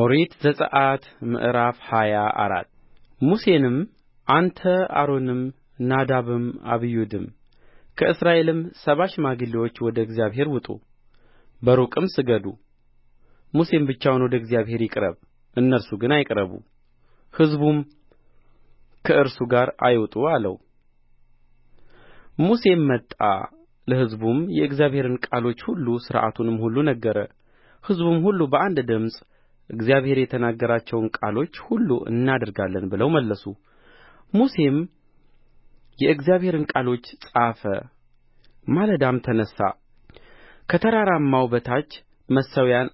ኦሪት ዘጽአት ምዕራፍ ሃያ አራት ሙሴንም አንተ አሮንም ናዳብም አብዩድም ከእስራኤልም ሰባ ሽማግሌዎች ወደ እግዚአብሔር ውጡ በሩቅም ስገዱ ሙሴም ብቻውን ወደ እግዚአብሔር ይቅረብ እነርሱ ግን አይቅረቡ ሕዝቡም ከእርሱ ጋር አይውጡ አለው ሙሴም መጣ ለሕዝቡም የእግዚአብሔርን ቃሎች ሁሉ ሥርዓቱንም ሁሉ ነገረ ሕዝቡም ሁሉ በአንድ ድምፅ እግዚአብሔር የተናገራቸውን ቃሎች ሁሉ እናደርጋለን ብለው መለሱ ሙሴም የእግዚአብሔርን ቃሎች ጻፈ ማለዳም ተነሣ ከተራራማው በታች መሠዊያን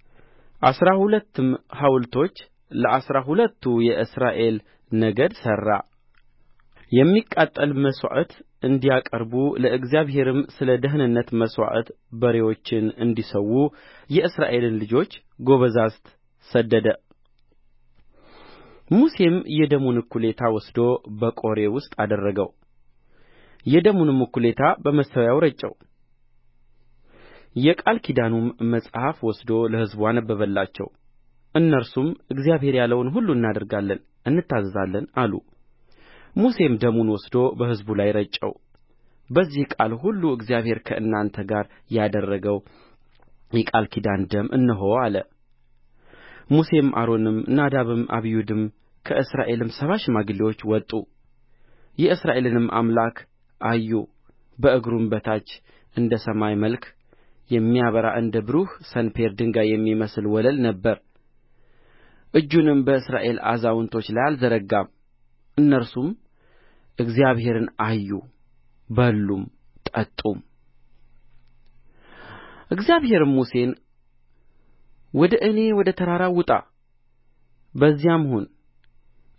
አሥራ ሁለትም ሐውልቶች ለአሥራ ሁለቱ የእስራኤል ነገድ ሠራ የሚቃጠል መሥዋዕት እንዲያቀርቡ ለእግዚአብሔርም ስለ ደኅንነት መሥዋዕት በሬዎችን እንዲሠዉ የእስራኤልን ልጆች ጐበዛዝት ሰደደ ሙሴም የደሙን እኵሌታ ወስዶ በቆሬ ውስጥ አደረገው የደሙንም እኵሌታ በመሠዊያው ረጨው የቃል ኪዳኑንም መጽሐፍ ወስዶ ለሕዝቡ አነበበላቸው እነርሱም እግዚአብሔር ያለውን ሁሉ እናደርጋለን እንታዘዛለን አሉ ሙሴም ደሙን ወስዶ በሕዝቡ ላይ ረጨው በዚህ ቃል ሁሉ እግዚአብሔር ከእናንተ ጋር ያደረገው የቃል ኪዳን ደም እነሆ አለ ሙሴም አሮንም ናዳብም አብዩድም ከእስራኤልም ሰባ ሽማግሌዎች ወጡ የእስራኤልንም አምላክ አዩ በእግሩም በታች እንደ ሰማይ መልክ የሚያበራ እንደ ብሩህ ሰንፔር ድንጋይ የሚመስል ወለል ነበረ እጁንም በእስራኤል አዛውንቶች ላይ አልዘረጋም እነርሱም እግዚአብሔርን አዩ በሉም ጠጡም እግዚአብሔርም ሙሴን ወደ እኔ ወደ ተራራው ውጣ በዚያም ሁን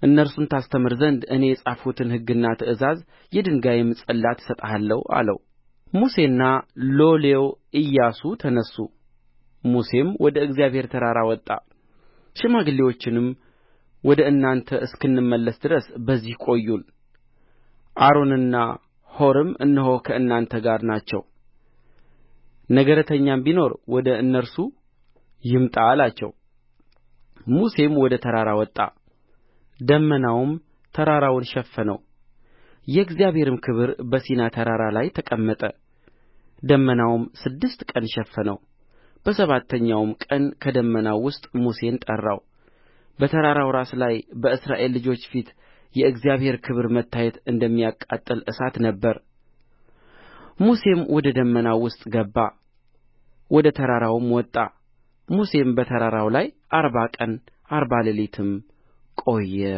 እነርሱን ታስተምር ዘንድ እኔ የጻፍሁትን ሕግና ትእዛዝ የድንጋይም ጽላት እሰጥሃለሁ አለው ሙሴና ሎሌው ኢያሱ ተነሡ ሙሴም ወደ እግዚአብሔር ተራራ ወጣ ሽማግሌዎችንም ወደ እናንተ እስክንመለስ ድረስ በዚህ ቆዩን አሮንና ሖርም እነሆ ከእናንተ ጋር ናቸው ነገረተኛም ቢኖር ወደ እነርሱ ይምጣ አላቸው ሙሴም ወደ ተራራ ወጣ ደመናውም ተራራውን ሸፈነው የእግዚአብሔርም ክብር በሲና ተራራ ላይ ተቀመጠ ደመናውም ስድስት ቀን ሸፈነው በሰባተኛውም ቀን ከደመናው ውስጥ ሙሴን ጠራው በተራራው ራስ ላይ በእስራኤል ልጆች ፊት የእግዚአብሔር ክብር መታየት እንደሚያቃጥል እሳት ነበረ ሙሴም ወደ ደመናው ውስጥ ገባ ወደ ተራራውም ወጣ ሙሴም በተራራው ላይ አርባ ቀን አርባ ሌሊትም ቆየ